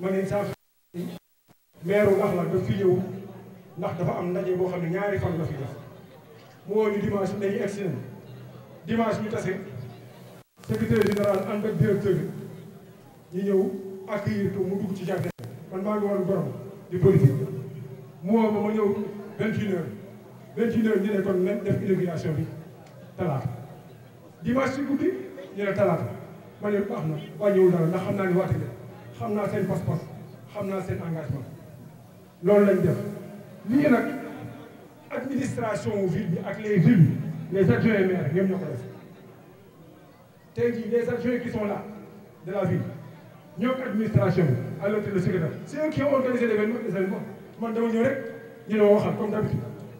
ma ne saa fi meeru Kaolack daf fi ñëw ndax dafa am ndaje boo xam ne ñaari fan la fi def mu woo ñu dimanche nañu egg si dimanche ñu tase secrétaire général ànd ak directeur bi ñu ñëw accueillir ko mu dugg ci jardin man maa ngi woon borom di politique mu woo ma ma ñëw vingt 21 ñu def bi dimanche ci guddi ñu ne talaata ma ne baax na wàññiwul dara ndax xam naa ne xam engagement loolu lañ def lii nag administration ville bi les villes les adjoints maires les adjoints qui sont là de la ville ñoom administration secrétaire c'est qui ont organisé l'événement des dama rek comme d'habitude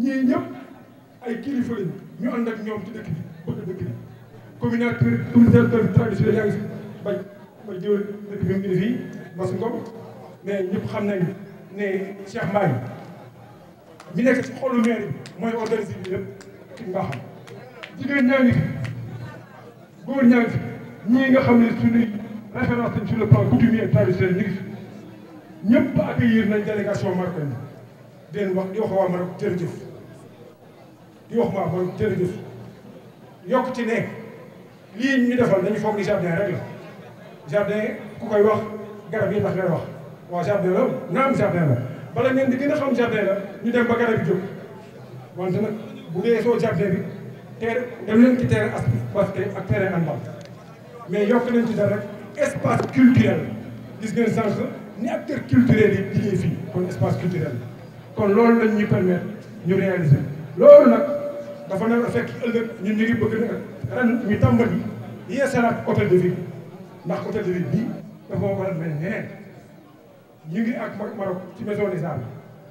ñii ñëpp ay kilifa lañ ñu ànd ak ñoom ci dëkk bi bëgg dëkk bi communateur communateur yaa ngi si bañ ma jëw dëkk bi mu ngi mais ñëpp xam nañ ne Cheikh Mbaye mi nekk ci xolu maire mooy organiser bi yëpp nga xam ne suñuy référence lañ sur le plan coutumier traditionnel ñu ngi fi ñëpp accueillir nañ délégation marocaine den wax di wax waa Maroc jërëjëf di wax waa borom jërëjëf yokk ci nekk lii ñu defal dañu foog ni jardin rek la jardin ku koy wax garab yi tax ngay wax waaw jardin la naam jardin la bala ngeen di gën a xam jardin la ñu dem ba garab yi jóg wante nag bu dee soo jardin bi terre dem leen ci terrain aspasté ak terrain àndal mais yokk nañ ci dara rek espace culturel gis ngeen sànq ni acteur culturel yi liggéey fii kon espace culturel kon loolu lañ ñu permettre ñu réaliser loolu nag dafa na a ëlëk ñun ñi ngi bëgg na ren tambali tàmbali yeesalaat hôtel de ville ndax hôtel de ville bi dafa war a mel neneen ñu ngi ak Maroc ci maison des arts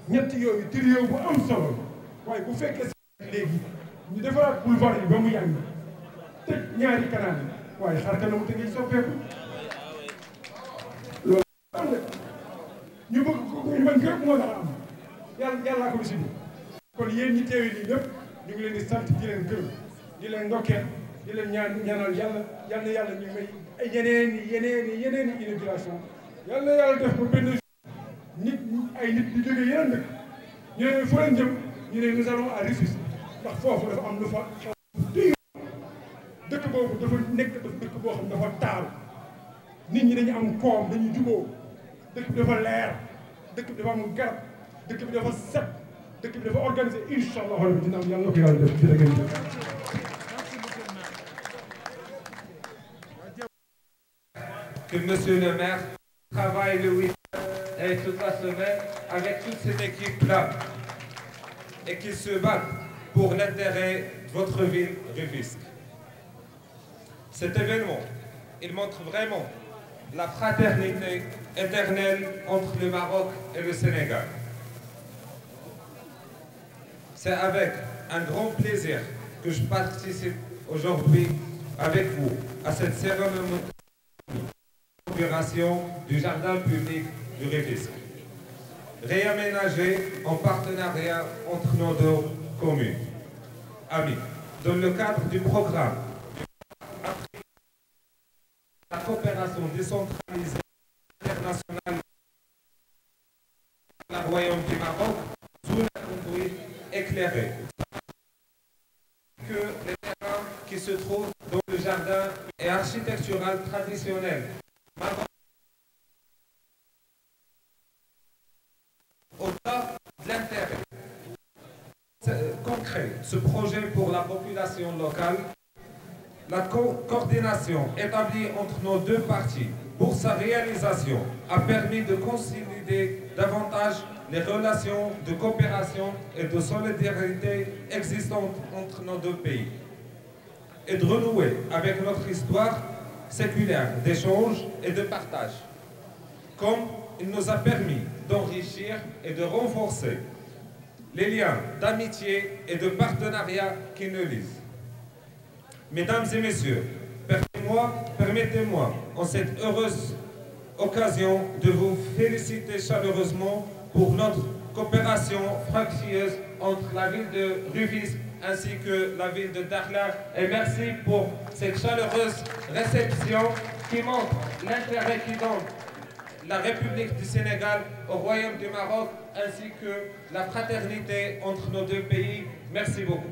ñetti yooyu trio bu am solo waaye bu fekkee si léegi ñu defaraat boulevard yi ba mu yàgg tëj ñaari canal yi waaye xar kanamu te soppeeku loolu ñu bëgg ko ñu mën képp moo dara am yàlla yàllaa ko bisi kon yéen ñi teewe nii lépp ñu ngi leen di sant di leen gërëm di len ndokkeel di len ñaan ñaanal yalla yalla yalla yàlla ñu may ay yeneen i yeneen i yeneen i inauguration yalla yalla def ba benn nit ay nit di jógee yeneen dëkk ñu ne foo leen jëm ñu ne nous allons à Rufisque ndax fofu dafa am lu fa dëkk boobu dafa nekk dëkk boo xam dafa taaru nit ñi dañu am koom dañu juboo dëkk bi dafa leer dëkk bi dafa am garab dëkk bi dafa set organisé Que monsieur le maire travaille le week-end et toute la semaine avec toute cette équipe-là et qu'il se bat pour l'intérêt de votre ville, Rufisque. Cet événement, il montre vraiment la fraternité éternelle entre le Maroc et le Sénégal. C'est avec un grand plaisir que je participe aujourd'hui avec vous à cette cérémonie d'inauguration du jardin public du Révisque, réaménagé en partenariat entre nos deux communes. Amis, dans le cadre du programme la coopération décentralisée internationale la Royaume du Maroc que les terrains qui se trouvent dans le jardin est architectural traditionnel. Au-delà de l'intérêt concret, ce projet pour la population locale, la coordination établie entre nos deux parties pour sa réalisation a permis de consolider davantage les relations de coopération et de solidarité existantes entre nos deux pays et de renouer avec notre histoire séculaire d'échange et de partage, comme il nous a permis d'enrichir et de renforcer les liens d'amitié et de partenariat qui nous lisent. Mesdames et messieurs, permettez-moi, permettez-moi en cette heureuse occasion de vous féliciter chaleureusement pour notre coopération fructueuse entre la ville de Rufisque ainsi que la ville de Dakhla. Et merci pour cette chaleureuse réception qui montre l'intérêt qui donne la République du Sénégal au Royaume du Maroc ainsi que la fraternité entre nos deux pays. Merci beaucoup.